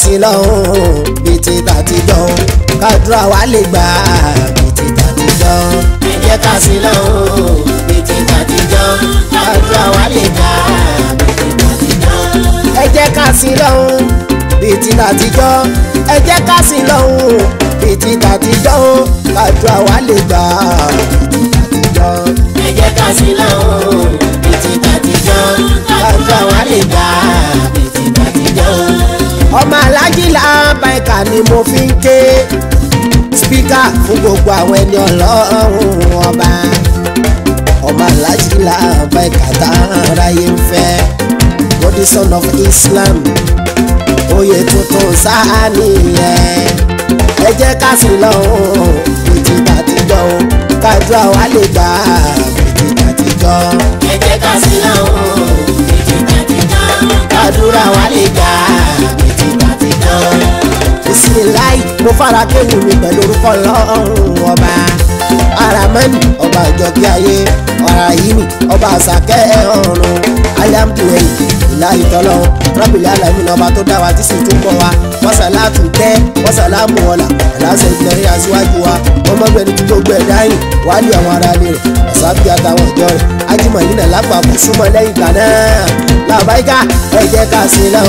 sí lọ́hùn bíi ti tàtijọ́ kádùrà wa lè gbà bíi ti tàtijọ́ ẹ jẹ́ ká sí lọ́hùn bíi ti tàtijọ́ kádùrà wa lè gbà bíi ti tàtijọ́ ẹ jẹ́ ká sí lọ́hùn bíi ti tàtijọ́ ẹ jẹ́ ká sí lọ́hùn bíi ti tàtijọ́ kádùrà wa lè gbà bíi ti tàtijọ́ ẹ ká sí lọ́hùn bíi ti tàtijọ́ kádùrà wa lè gbà. mẹ́ta ni mo fi ń ké spíkà fún gbogbo àwọn ẹni ọlọ́run ọba ọmọ aláàjì làbá ìkàtà aráyé ń fẹ́ body son of Islam oyè tuntun sáà nìyẹn ẹ jẹ́ ká sí lọ́hùn ìdí tàtijọ́ kájú àwa lè gbà ìdí tàtijọ́. ẹ jẹ́ ká sí lọ́hùn ìdí tàtijọ́ kádúrà wa lè gbà ìdí bisimilayi mo fara kéwù mi pẹ̀lú orúkọ lọ́rùn ọba aramani ọba ìjọkí ayé ọ̀rá yìí ni ọba àṣàkẹ́ ọ̀run aliamduwẹ̀yì ìláyìí tọ́lọ́ rábìlì alamina ọba tó dá wa tí sì tún bọ̀ wa mọ́sálátù tẹ́ mọ́sálámù ọ̀la aláṣẹ ìtẹ̀rí aṣíwájú wa ọmọbìnrin tó gbẹ dáhìn wálé àwọn ará ilé rẹ̀ ọ̀sáàbí àtàwọn ìjọ rẹ̀ ajímọ̀lì náà lápapọ̀ súnmọ́ lẹ́yìn ìgbà náà làbáyíká ẹ ká sí náà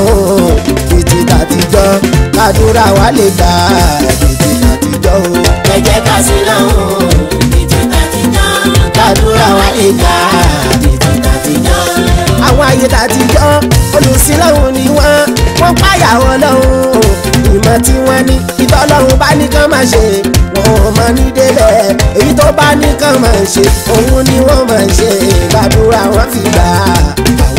ti tàtijọ́ kádúrà wa lè gbà ní ti tàtijọ́ o. ẹ jẹ́ ká sí lọ́hùn ní ti tàtijọ́ kádúrà wa lè gbà ní ti tàtijọ́. àwọn ayé tàtijọ́ olùsílọ́hùn ni wọ́n wọ́n páyà Ọlọ́hun ìmọ̀ tí wọ́n ní ìtọ́lọ́hun bá nìkan máa ṣe wọn ò mọ ní délẹ̀ èyí tó bá nìkan máa ṣe òun ni wọ́n máa ṣe gbàdúrà wọn fi gbà á.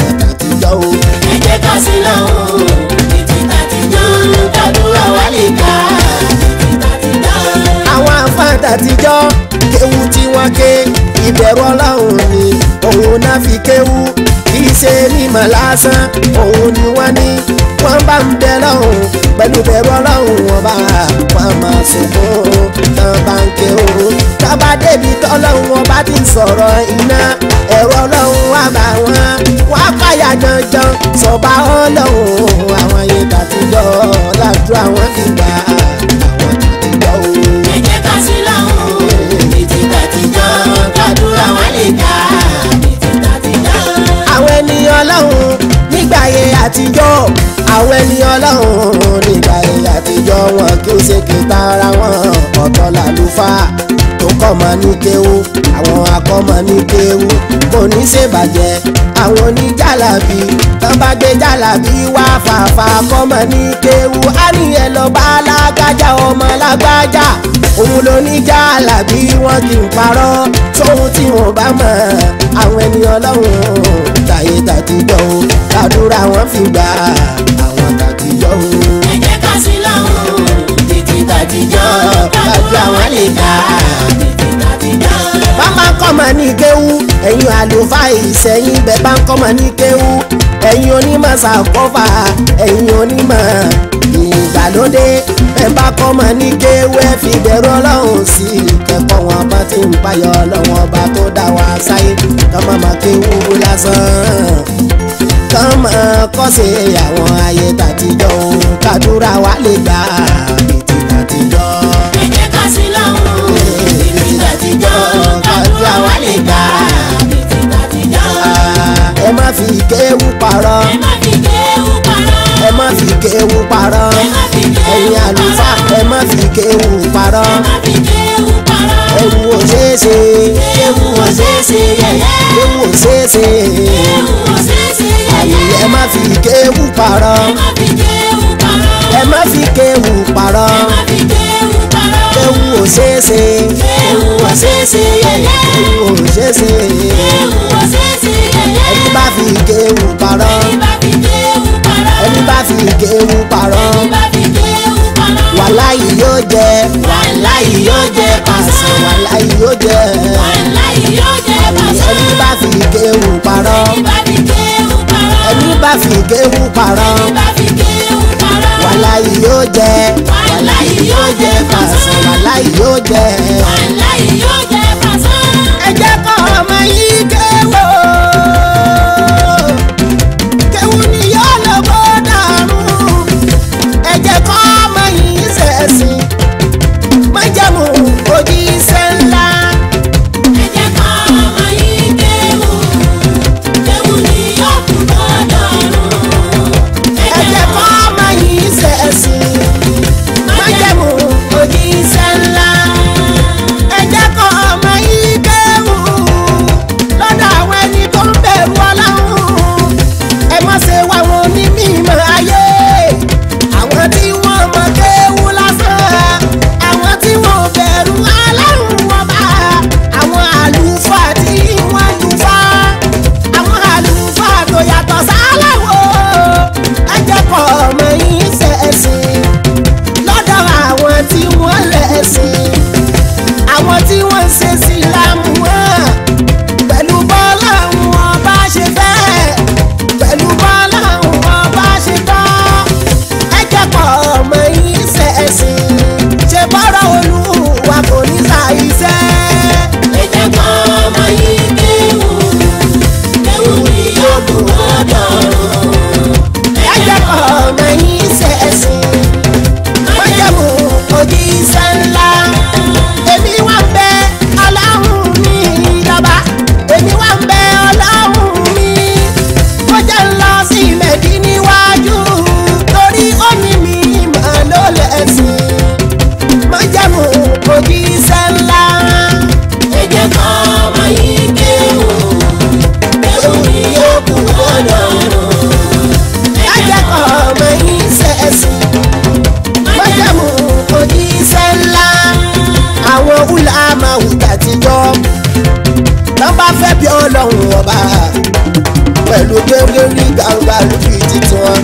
ké ìbẹ̀rù ọlọ́run ni òun náà fi kéwú kì í ṣe mímọ̀ lásán òun ni wọ́n ní wọ́n bá ń bẹ lọ́hùn pẹ̀lú bẹ̀rù ọlọ́run wọn bá wọn máa ṣòfò tán bá ń ké o tọ́ba débi tọ́lọ́run wọn bá ti sọ̀rọ̀ iná ẹ̀rọ ọlọ́run wà bá wọn wá fàyà janjan sọ̀bà ọlọ́run àwọn yìí tàtijọ́ ọ̀làjú àwọn ìgbà àwọn Navidad. àtijọ́ àwọn ẹni ọlọ́run nígbà yẹn àtijọ́ wọn kí ó ṣe kìtà ara wọn ọ̀tọ̀ làlùfáà tó kọ́mọ ní kéwú àwọn akọ́mọ ní kéwú kò ní ṣèbàjẹ́ àwọn oníjàlábí tán bá gbé jàlábí wá fàfà kọ́mọ ní kéwú á nìyẹn lọ bá lágbájá ọmọ lágbájá òun ló ní jàlábí wọn kì í parọ́ sóhun tí wọn bá mọ̀ àwọn ènìyàn lọ́hùn-ún tàtijọ́ o fúnra wọn fi gbà àwọn tàtijọ́ o. ẹ jẹ́ ká sí lọ́hùn títí tàtijọ́ kájú àwọn lè kà títí tàtijọ́. bá máa kọ́ máa ní kéwú ẹ̀yin àlùfáà ìsẹ̀yìn bẹ́ẹ̀ bá ń kọ́ ní kéwú ẹ̀yin onímọ̀ sàkófà ẹ̀yin onímọ̀ ìgbàlódé ẹ bá kọ́ ní kéwú ẹ fi bẹ̀rù ọlọ́run sí i kẹ́kọ̀ọ́ wọn bá ti ń payọ̀ ọlọ́run ọba tó dá wa sáyé tọ́mọ́ kéwú lásán kán máa kọ́sẹ̀ àwọn ayé tàtijọ́ òun kàdúrà wà lè gbà ìtì tàtijọ́. ẹ jẹ́ ká sí lọ́hùn ìtì tàtijọ́ kàdúrà wà lè gbà ìtì tàtijọ́. ẹ má fi kéwú parọ́. ẹ má fi kéwú parọ́. ẹ má fi kéwú parọ́. ẹ má fi kéwú parọ́ ṣeéṣe. ewu ò ṣeéṣe yẹyẹ. ewu ò ewu ò ṣeéṣe yẹyẹ. ẹ má fi kéwù parọ́. ẹ má fi kéwù parọ́. ewu ò ewu ò ṣeéṣe ewu ò ewu ò ṣeéṣe yẹyẹ. ẹni bá fi kéwù parọ́. ẹni bá fi kéwù parọ́. ẹni bá fi kéwù parọ́. ẹni yóò jẹ. wàláyé yóò jẹ wàláì yóò jẹ wàláì yóò jẹ bàṣà ẹni bá fi kéwù parọ́ ẹni bá fi kéwù parọ́ ẹni yóò jẹ wàláì yóò jẹ bàṣà wàláì yóò jẹ wàláì yóò jẹ bàṣà ẹ jẹ́ kọ́ ọmọ yìí kéwù. wúlò àmà wùtà tìjọ́ tán bá fẹ́ bí ọlọ́run ọba pẹ̀lú gbẹ́ngbẹ́ rí gbangba lójú títí wọn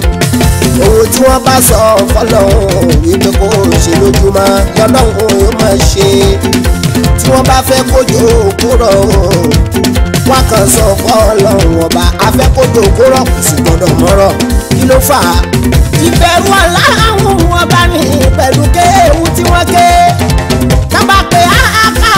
owó tí wọ́n bá sọ fọlọ́run wípé kò ṣe lójúmọ́ lọ́lọ́run yóò máa ṣe tí wọ́n bá fẹ́ kójú kúrọ̀ wọn kàn sọ fọlọ́run ọba afẹ́ kójú kúrọ̀ kò sì gbọ́dọ̀ mọ́rọ̀ kí ló fà á. ìbẹ̀rù ọ̀la àwọn ọba mi pẹ̀lú kéwù tí wọ́n ké. pé a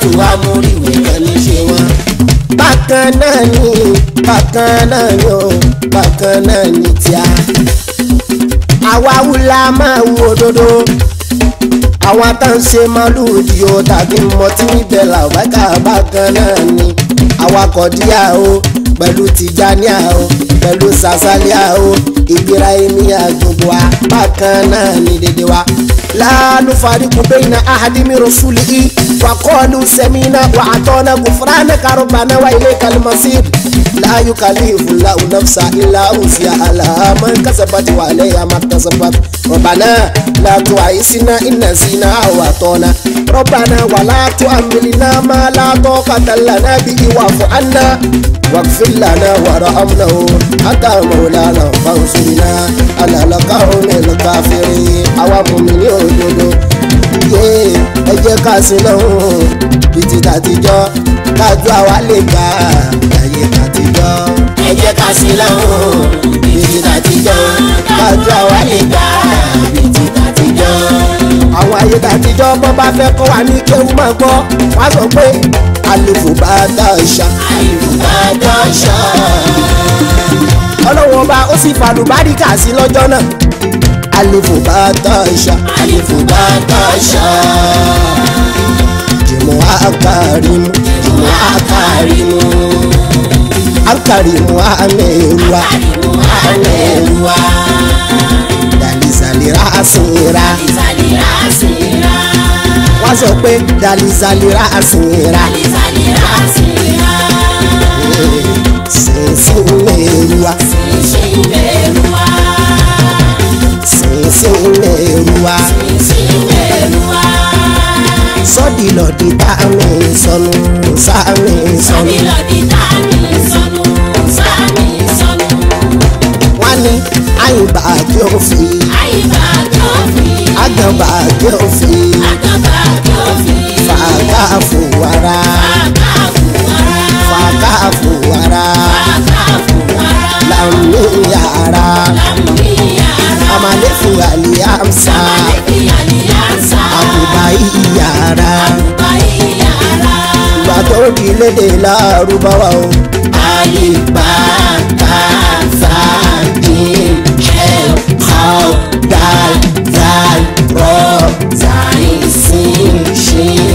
tó wá mórí nìkan ní ṣe wọn. bákan náà ni bákan náà ni o bákan náà ni tíá. àwa wúlá máa wú òdodo àwọn atáǹṣe mọ́lúùdì o tàbí mọtí níbẹ̀ làbákà bákan náà ni awakọ̀ díà o pẹ̀lú tìjànìà o pẹ̀lú sàṣàlíà o ìgbéra ẹni àgbègbè wa bákan náà ni dédé wa لا نفارق بين أحد من رسله وقالوا سمينا وأعطانا غفرانك ربنا وإليك المصير لا يكلف الله نفسا إلا وسعها لها من كسبت وعليها ما اكتسبت ربنا لا تعيسنا إن نسينا أو أعطانا ربنا ولا تؤملنا ما لا طاقة لنا به واعف عنا واغفر لنا وارحمنا أنت مولانا فانصرنا على القوم الكافرين أو مؤمنين òdodo yéé ẹ jẹ́ ká sí lọ́hùn bí ti tàtijọ́ kájú àwa lè gbà láyé tàtijọ́. ẹ jẹ́ ká sí lọ́hùn bí ti tàtijọ́ kájú àwa lè gbà bí ti tàtijọ́. àwọn ayé tàtijọ́ bọ́ bá fẹ́ kọ́ wa ní kéwú máa gbọ́ wá sọ pé àlùfò bá dọ̀ṣà. àlùfò bá dọ̀ṣà. ọlọ́wọ́n ọba ó sì fàlùbáríkà sí lọ́jọ́ náà alifu bata isha alifu bata isha jumu'a karimu jumu'a karimu alkarimu ameruwa ameruwa dalizalira asinra dalizalira asinra wọ́n sọ pé dalizalira asinra dalizalira asinra sinsin meruwa sinsin meruwa sínú ẹrù wa. sọ́ọ̀dì lọ́ọ̀dì tá a mi sọnù sáàmì sọnù. wọ́n ní àyìnbá kí ó fi. àgànbá kí ó fi. fàákà fún wàrà. fàákà fún wàrà lamiyara amalefu aliyansa akuba iyara gbàtọ́ òdìlédè lárúbáwá o. alibaka sadi el hau dal dal ro zai sin shin.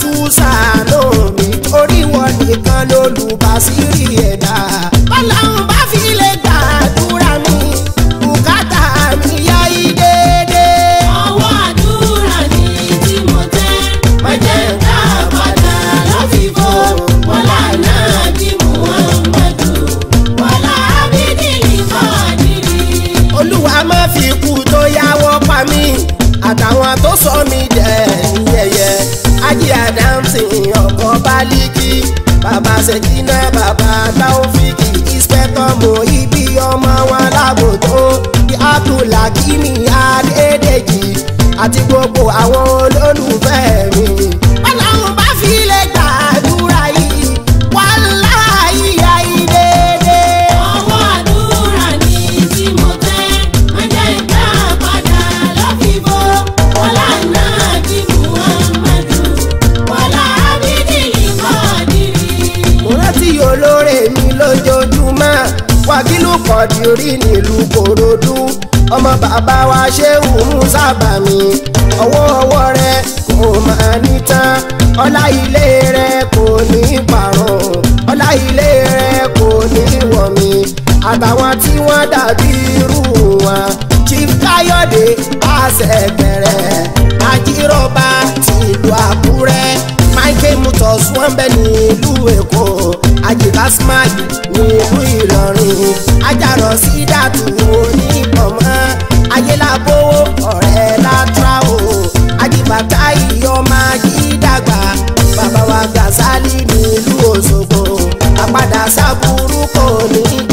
túṣà lómi orí wọn nìkan lólùbásírì. di orí nílùú kòròdú ọmọ bàbá wa ṣéwù musa bàmí ọwọ́ ọwọ́ rẹ kò máa ní tán ọlá ilé rẹ kò ní parun ọlá ilé rẹ kò ní wọ̀mí àtàwọn tí wọ́n dàbí irú wọn Chief Káyọ̀dé àṣẹ̀bẹ̀rẹ̀ àjíròba tìlú Àkúrẹ́ Michael Mutos wọ́n bẹ nílùú Èkó àjìbá smart ní ìlú Ìlọrin ajárọ̀ sí dàtú onípọ̀mọ́ ayélabówó ọ̀rẹ́ látúrà o àjìbá táyì ọmọ ajídàgbà bàbá wa Gàsálì nílùú Òṣogbo àpàdà sábúrú kò ní í.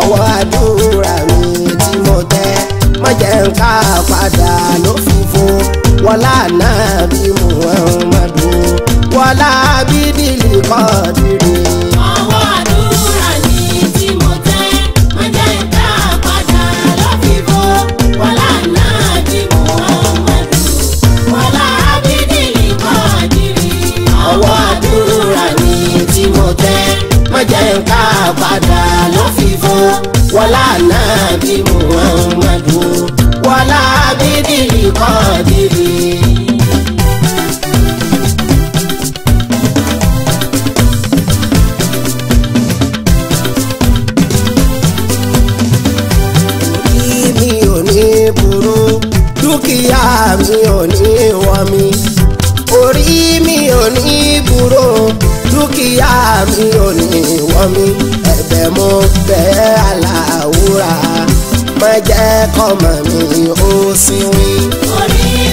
ọwọ́ àdúrà mi tí mo tẹ́ má jẹ́ n ká padà lófìfo wọlá náà bí mo hàn mọ́dún wọlá bídìlì kọ́ọ̀dù. wọlá náà bí muhammadu wọlá bídìrì kọ́ọ̀dìrì. mi ò ní burú dúkìá mi ò ní wọ́n mi orí mi ò ní burú dúkìá mi ò ní wọ́n mi ẹ̀bẹ̀ mo bẹ̀ aláwúrà má jẹ́ kọ́mọ mi ó sinwi. orí.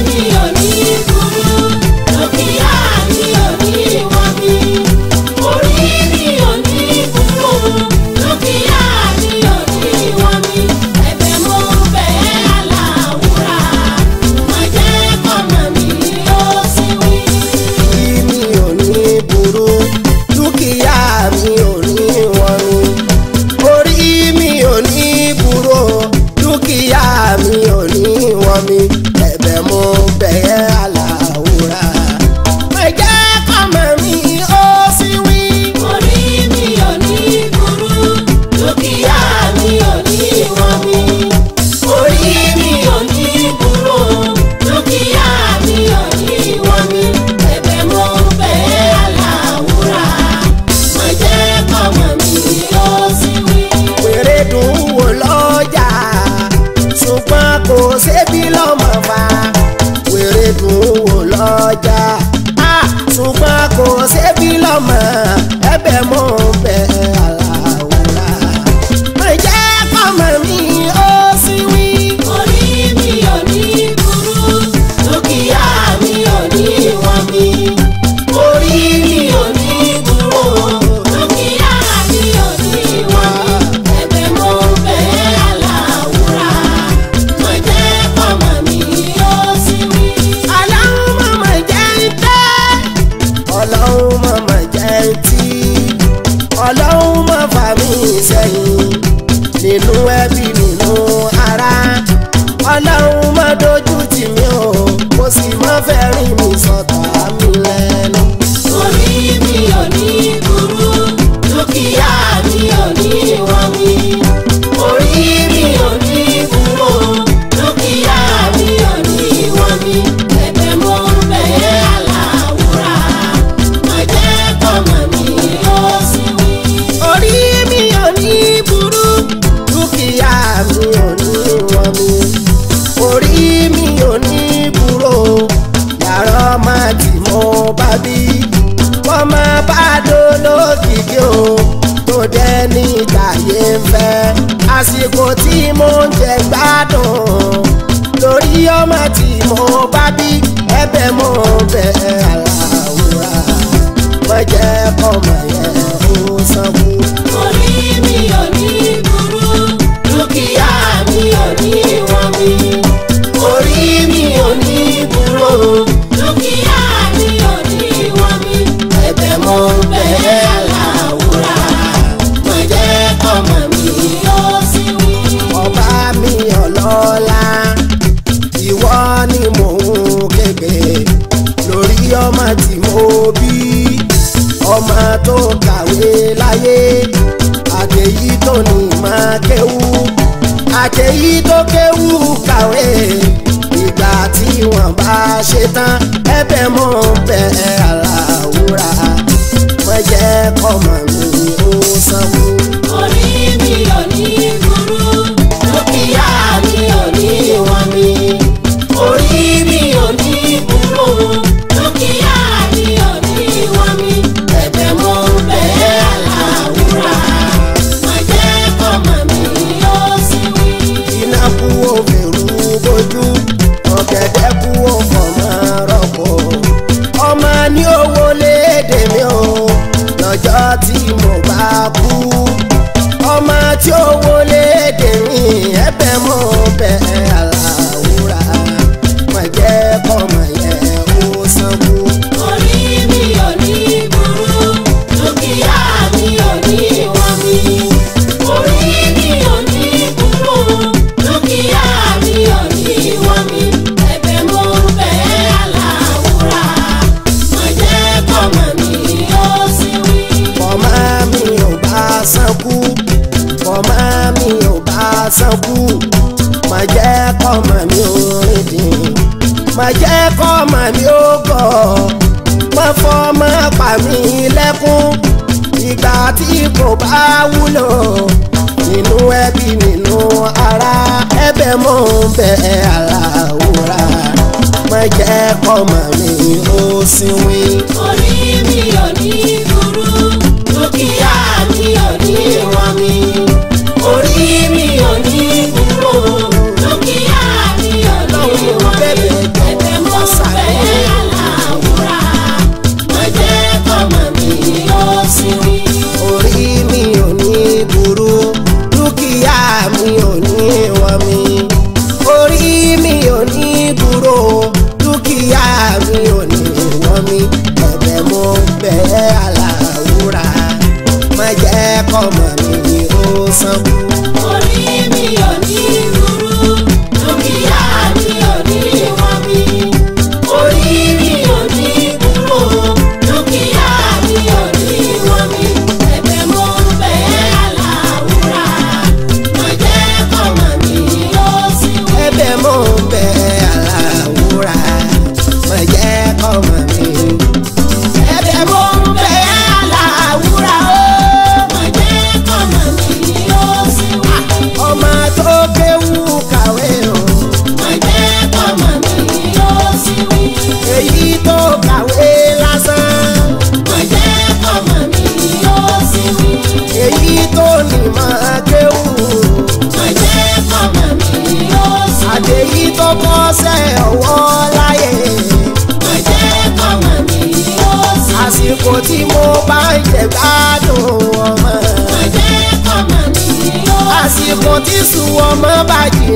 jẹ́ kọ́mọ yẹn ó sanwó. orí mi ò ní. tó kéwú kàwé ìgbà tí wọ́n bá ṣe tán ẹ̀bẹ̀ mọ̀ bẹ́ẹ̀ aláwúrà wọ́n jẹ́ kọ́mọ̀. máa ní owó léde mi o lọ́jọ́ tí mo bá kú ọmọ tí owó léde mi ẹ̀bẹ̀ mo bẹ̀ mò ń bẹ̀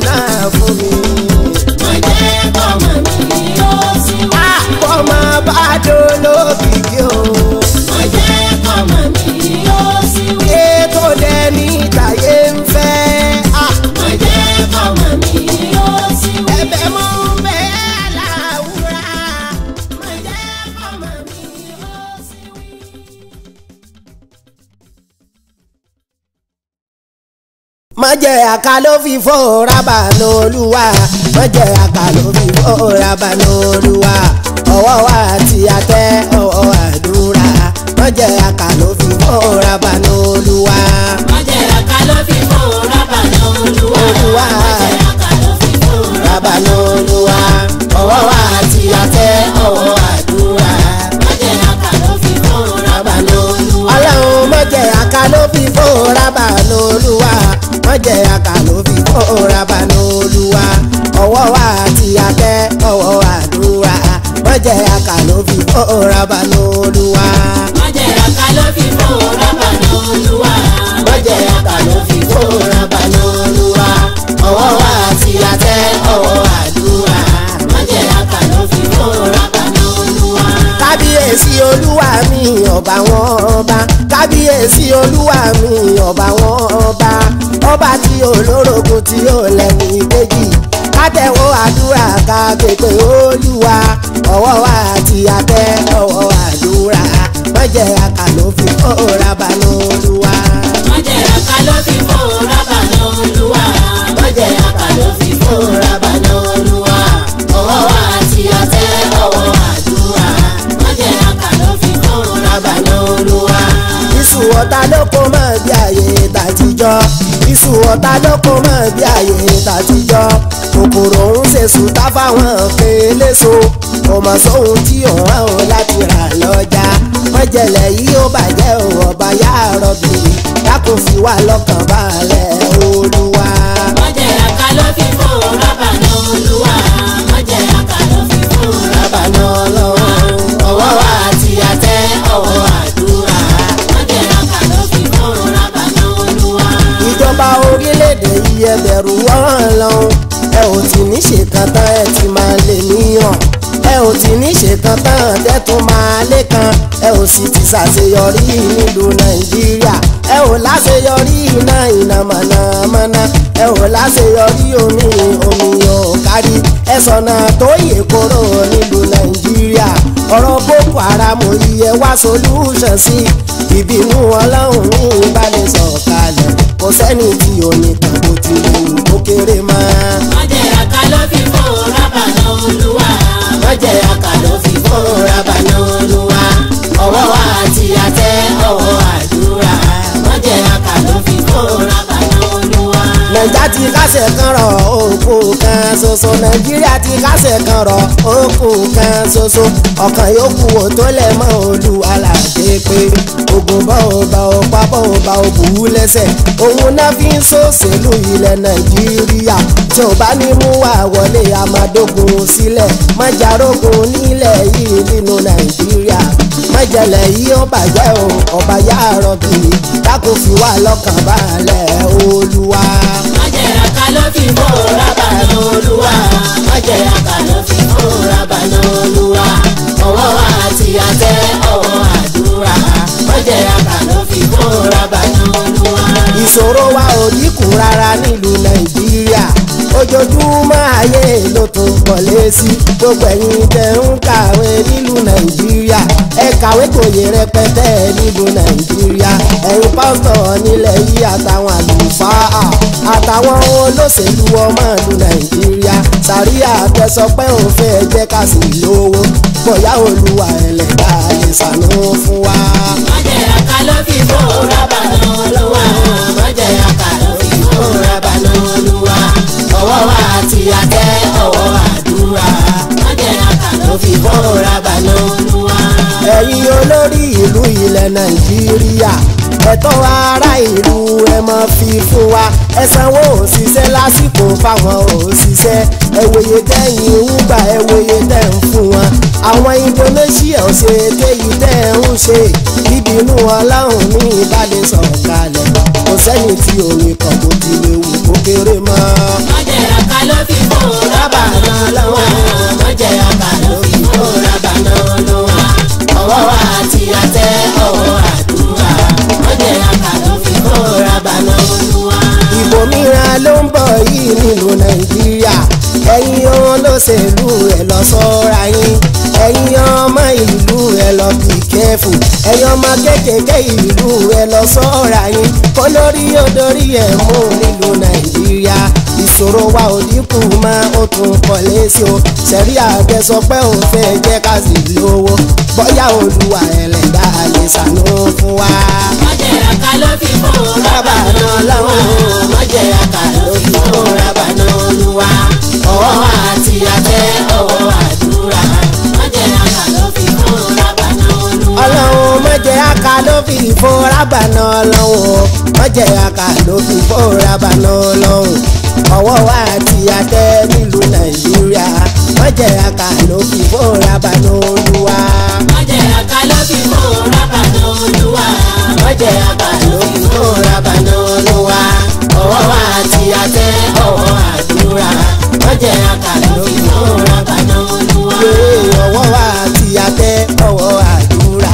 love àká ló fi fòrà bà lóluwà wọ́n jẹ àká ló fi fòrà bà lóluwà ọwọ́ wa ti àtẹ ọwọ́ àdúrà wọ́n jẹ àká ló fi fòrà bà lóluwà. wọ́n jẹ àká ló fi fòrà bà lóluwà wọ́n jẹ àká ló fi fòrà bà lóluwà ọwọ́ wa ti àtẹ ọwọ́ àdúrà wọ́n jẹ àká ló fi fòrà bà lóluwà. ọlọ́run mọ̀jẹ̀ àká ló fi fòrà bà jẹ́ àkàlò fi kóra bànú olúwa ọwọ́ wa àti akẹ́ ọwọ́ àdúrà wọ́n jẹ́ àkàlò fi kóra bànú olúwa. kábíyèsí olúwa mi ọba wọn ọba kábíyèsí olúwa mi ọba wọn ọba ọba tí olórogún tí ó lẹ́ni méjì kátẹ̀wọ́ àdúrà ká pépé olúwa ọwọ́ wa àti abẹ́ ọwọ́ àdúrà mọ̀jẹ̀ àkà ló fi kó rábà lóluwa. mọ̀jẹ̀ àkà ló fi kó rábà lóluwa mọ̀jẹ̀ àkà ló fi kó rábà. ọ̀tá ló kó mọ́ bí ayé tàtijọ́ iṣu ọ̀tá ló kó mọ́ bí ayé tàtijọ́ kòkòrò ń ṣe sùtá fáwọn fèlèso ọmọ sóhun tí òun àwọn láti rà lọ́jà mọ́jẹ̀lẹ̀ yìí ó bàjẹ́ òun ọba yáàrọ̀ bìrì dákun fi lọ́kàn balẹ̀ olúwa. ò sì ti ṣàṣeyọrí nílùú nàìjíríà ẹ ò láṣeyọrí iná iná mànàmáná ẹ ò láṣeyọrí omi omi ò kárí ẹ sọ̀nà tó yè kóró nílùú nàìjíríà ọ̀rọ̀ boko haram yìí ẹ wá solution sí ìbínú ọlọ́run ní ìbánisọ̀kalẹ̀ kò sẹ́ni tí ò ní kàbó tí mo wù kó kéré mọ́. wọ́n jẹ́ àká ló fi fún rábàlá olúwa. wọ́n àká ló fi fún rábàlá olúwa ọwọ́ àti àtẹ ọwọ́ àdúrà wọ́n jẹ́ àkà ló fi kóra bàtà olúwa. nàìjà ti kásẹ̀ kan rọ̀ òkú kan ṣoṣo nàìjíríà ti kásẹ̀ kan rọ̀ òkú kan ṣoṣo ọ̀kan yòókù wò tó lẹ̀ mọ́ olúwa làdé pé ogun bá ò bá ò lẹ́sẹ̀ òun náà fi ń ṣòṣèlú ilẹ̀ nàìjíríà tó bá ní mú wá wọlé amadógun sílẹ̀ májàrógun nílẹ̀ yìí nínú nàìjíríà májẹlẹ̀ yìí ó bàjẹ́ o ọba yàrá bí dákò fi wá lọ́kàn balẹ̀ olúwa. májẹ̀rẹ̀ ká ló fi mọ́ rábà náà olúwa májẹ̀rẹ̀ ká ló fi mọ́ rábà náà olúwa ọwọ́ àti àtẹ ọwọ́ àdúrà májẹ̀rẹ̀ ká ló fi ìkóra bàtàn olúwa. ìṣòro wa ò dínkù rárá nílùú nàìjíríà ojoojúmọ́ ayé ló tún pọ̀lé sí gbogbo ẹ̀yin tẹ̀ ń kàwé nílùú nàìjíríà ẹ kàwé gboyè rẹpẹtẹ nílùú nàìjíríà ẹ̀yin pásítọ̀ nílẹ̀ yìí àtàwọn àlùfáà àtàwọn olóṣèlú ọmọ ìlú nàìjíríà sàríà tẹ sọ pé òun fẹ́ jẹ́ ká sì lówó bóyá olúwa ẹlẹ́dà lè ṣàánú fún wa. májèyà ká ló fi bó rábà náà lọ́wọ́ májèyà ká ló fi bó rábà náà lọ́wọ́ ọwọ́ wa ti àtẹ ọwọ́ àdúrà májèyà ká ló fi bó rábà náà lọ́wọ́. ẹ̀yin olórí ìlú ilẹ̀ nàìjíríà ẹ̀tọ́ ara ìlú ẹ máa fi fún wa ẹ sanwó òṣìṣẹ́ lásìkò fáwọn òṣìṣẹ́ ẹ wòye tẹ́yìn ń gbà ẹ wòye tẹ́ ń fún wọn àwọn Indonesia ṣe téyì tẹ́ ń ṣe bíbínú ọlọ́run ní ìbàdí sọ̀kalẹ̀ kò sẹ́ni tí òwe kan kò ti lè wù kó kéré mọ́. mọ̀jẹ̀ àká ló fi kó rábà náà lọ́wọ́ mọ̀jẹ̀ àká ló fi. ló ń bọ̀ yìí nílùú nàìjíríà ẹ̀yin olóṣèlú ẹ̀ lọ sọ́ra yín ẹ̀yin ọmọ ìlú ẹ̀ lọ bí kẹ́fù ẹ̀yin ọmọ kékèké ìlú ẹ̀ lọ sọ́ra yín kó lórí odori ẹ̀ mú nílùú nàìjíríà ìṣòro wa ò dínkù mọ́ ó tún kọ́lé sí o ṣẹ̀rí àgbẹ̀ sọ pé ó fẹ́ jẹ́ ká sì lówó bóyá olúwa ẹlẹ́dà lè ṣàánú fún wa. mọ̀jẹ̀ àká ló fi fún rábà náà lọ́wọ́ mọ̀jẹ̀ àká ló fi fún rábà náà olúwa ọwọ́ àti àtẹ ọwọ́ àdúrà mọ̀jẹ̀ àká ló fi fún rábà náà olúwa. ọlọ́run mọ̀jẹ̀ àká ló fi fún rábà náà lọ́wọ́ mọ̀jẹ̀ àká ló fi fún rábà náà lọ́wọ́ ọwọ́ wa ti àtẹ nílùú nàìjíríà wọ́n jẹ́ àkàlókì fóònù abànú olúwa. wọ́n jẹ́ àkàlókì fóònù abànú olúwa. wọ́n jẹ́ àkàlókì fóònù abànú olúwa. ọwọ́ wa ti àtẹ ọwọ́ àdúrà wọ́n jẹ́ àkàlókì fóònù abànú olúwa. ọwọ́ wa ti àtẹ ọwọ́ àdúrà.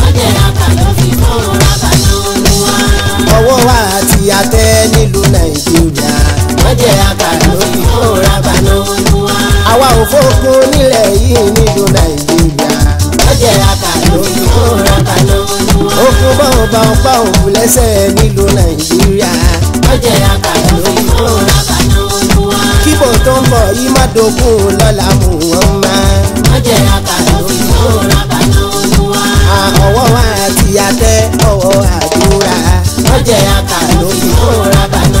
wọ́n jẹ́ àkàlókì fóònù abànú olúwa. ọwọ́ wa ti àtẹ nílùú nàìjíríà wọ́n jẹ́ àkàrà òbí fóra bàná wá. àwa ò fókun nílẹ̀ yìí nílùú nàìjíríà. wọ́n jẹ́ àkàrà òbí fóra bàná wá. okun bọ́ọ̀ bá ọ pa òkú lẹ́sẹ̀ nílùú nàìjíríà. wọ́n jẹ́ àkàrà òbí fóra bàná wá. kíbo tó ń bọ̀ yìí má dogun lọ́la mú wọn má. wọ́n jẹ́ àkàrà òbí fóra bàná wá. ọwọ́ wa àti àtẹ ọwọ́ àdúrà. wọ́n jẹ́ àkàrà òbí fóra bàná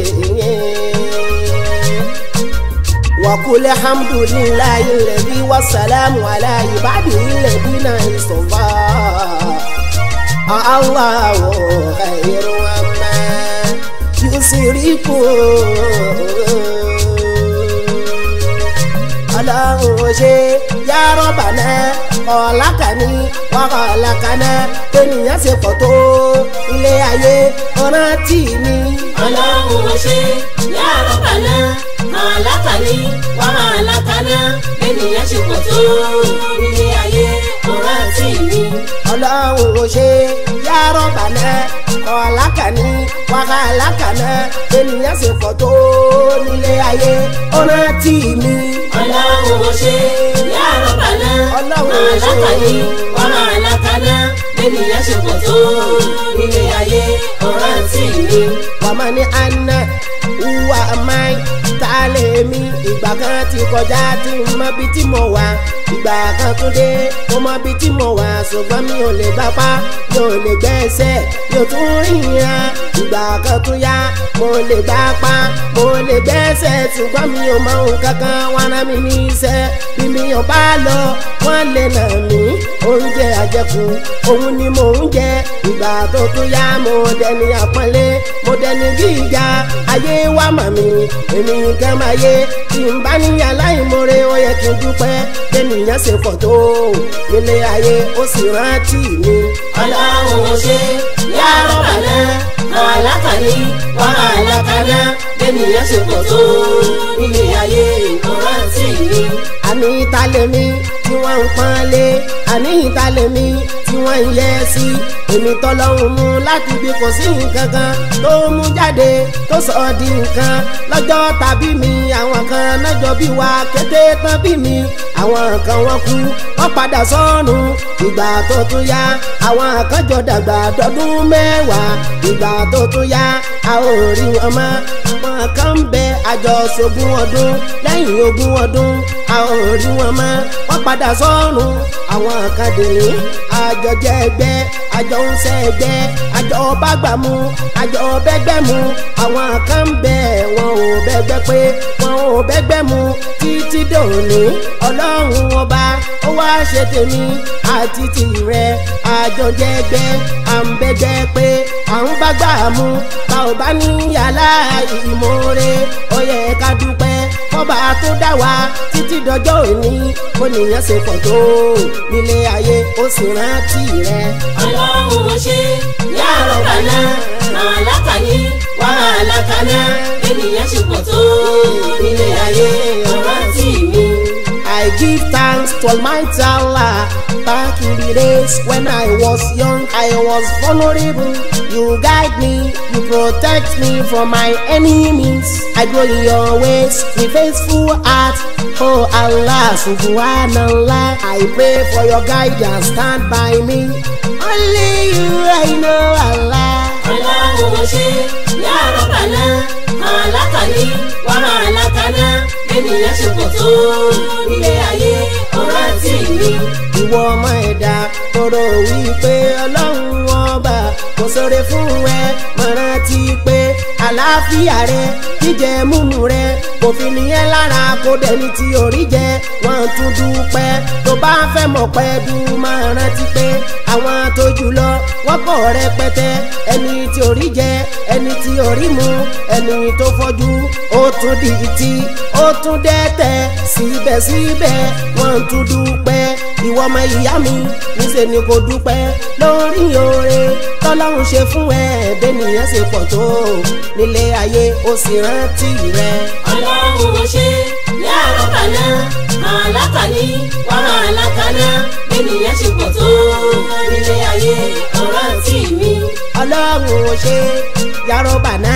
وقل الحمد لله الذي والسلام على عباده الذين اصطفى الله خير عما يشركون ọlọ́run ṣe yàrá bàlẹ́ ọ̀làkàní wàhọ̀ ọ̀làkàná ènìyàn ṣe pọ̀ tó ilé ayé ọ̀ràn tì mí. ọlọ́run ò ṣe yàrá kàná ọ̀làkàní wàhọ̀ ọ̀làkàná ènìyàn ṣe pọ̀ tó ilé ayé ọ̀ràn tì mí. ọlọ́run ò ṣe yàrá kàná ọ̀làkàní wàhọ̀ ọ̀làkàná ènìyàn ṣe pọ̀ tó nílé ayé ọ̀ràn tì mí. ọlọ́run ò ṣe yàrá kàná alákàyè ọ̀rọ̀ alákàdá ènìyàn ṣe pọ̀ tó nílé ayé ọ̀rọ̀ àǹtí mi àmọ́ ní àná wúwa máì tá a lè mí ìgbà kan ti kọjá tí n mọ bí tí mo wà ìgbà kan tún dé mo mọ bí tí mo wà ṣùgbọ́n mi ò lè gbapá mi ò lè gbẹ́sẹ̀ mi ò tún rìnrìn ìgbà kan tún yá mo lè gbapá mo lè gbẹ́sẹ̀ ṣùgbọ́n mi ò mọ ohun kankan wọn mi ní iṣẹ́ bí mi ò bá lọ wọ́n lè nà mí oúnjẹ àjẹkù òun ni mò ń jẹ ìgbà tó tún yá mo dẹni àpọ́nlé mo dẹni ẹni jíjà ayé wa mọ̀ mi èmi nìkan máa yé tí n bá níyà láìmoore ó yẹ kí n dúpẹ́ kéèyàn ṣe pọ̀ tó nílé ayé ó sì rántí mi. ọlọ́run ò ṣe yá rọ́bàlá máa látàlí wàhálà kaná kéèyàn ṣe pọ̀ tó nílé ayé ó rántí mi. àmì ìtàlẹ̀ mi tí wọ́n ń pọ́n lé àníyàn ta lèmi tí wọ́n ń yẹ sí èmi tọ́lọ́hún mú láti ibi kò sí nǹkan kan tó mú jáde tó sọ ọ́ di nǹkan lọ́jọ́ tàbí mi àwọn kan nájọ bí wa kété tán bí mi àwọn kan wọ́n kú wọ́n padà sọ́ọ̀nù ìgbà tó tún yá àwọn kan dàgbà dọdún mẹ́wàá ìgbà tó tún yá a ò rí wọn mọ́ àwọn kan ń bẹ àjọṣogún ọdún lẹ́yìn ogún ọdún a ò rí wọn mọ́ wọ́n padà padà sọ́run àwọn àkàdélé àjọjẹ ẹgbẹ́ àjọ ń ṣẹgbẹ́ àjọ bágbàmú àjọ mu àwọn kan bẹ wọn ò bẹ́gbẹ́ pé wọn ò bẹ́gbẹ́ mu títí dòní ọlọ́run ọba ó wá ṣe tèmi àti tìrẹ àjọjẹ ẹgbẹ́ à ń bẹ́gbẹ́ pé à ń bágbà mu bá ò bá ní yàrá ìmòore ó yẹ ká dúpẹ́ kọ́ba tó dá wa títí dọjọ́ òní kò nìyẹn ṣe pọ̀ tó nílé ayé ó sì rántí rẹ. ọlọ́run ò ṣe yàrá kaná máa látàní wàhálà kaná ènìyàn ṣe pọ̀ tó nílé ayé ó rántí mi. I give thanks to Almighty Allah. Back in the days when I was young, I was vulnerable. You guide me, you protect me from my enemies. I go in your ways with faithful heart. Oh Allah, Subhanallah, I pray for your guidance, stand by me. Only you I know Allah ala owoṣe yàrá bàlá máa látàlí wàrà látàlá ènìyàn ṣe pọ̀ tó nílé ayé ọ̀rá tì mí. ìwọ ọmọ ẹ̀dá tọrọ wípé ọlọ́run ọba mo sọre fún ẹ mo rántí pé àlàáfíà rẹ jíjẹ múmu rẹ kò fi nìyẹn lára kó dẹni tí orí jẹ wọn tún dúpẹ́ tó bá fẹ́ mọ̀ pẹ́ máa rántí pé àwọn tó jù lọ wọn pọ̀ rẹpẹtẹ ẹni tí orí jẹ ẹni tí orí mu ẹni tó fọ́jú ó tún di ìtì ó tún dẹ́tẹ̀ síbẹ̀síbẹ̀ wọn tún dúpẹ́ ìwọ ọmọ ìyá mi níṣẹ́ ni kò dúpẹ́ lórí oore tọ́lọ́ tọ́lọ́run ṣe fún ẹ ẹ̀bẹ̀ nìyẹn ṣe pọ̀ tó nílé ayé ó sì rántí rẹ. ọlọ́run ò ṣe láàárọ̀ kaná màálá kaní wàhálà kaná ènìyàn ṣe pọ̀ tó nílé ayé ó rántí mi. ọlọ́run ò ṣe yàrá bàná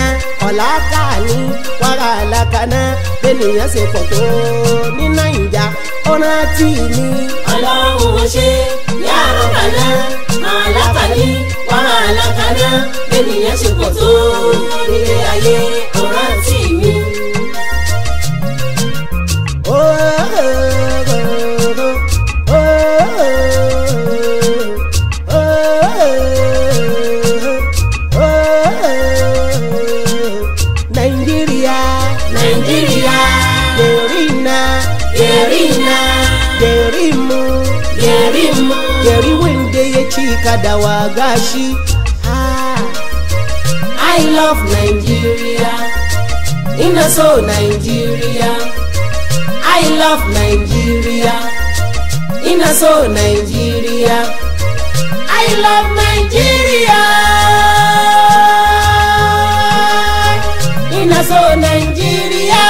ọ̀làkà ní wàhálà kaná ènìyàn ṣe pọ̀ tó ní nàìjà ọ̀nà tí mi. ọlọ́run ò ṣe yàrá kàná máa lákàní wàhálà kàná bẹ́ẹ̀ nìyẹn ṣe pọ̀ tó nílé ayé. Gary wanda ye chika da wagashi ah, I love Nigeria ina so Nigeria I love Nigeria ina so Nigeria I love Nigeria ina so Nigeria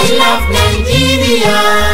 I love Nigeria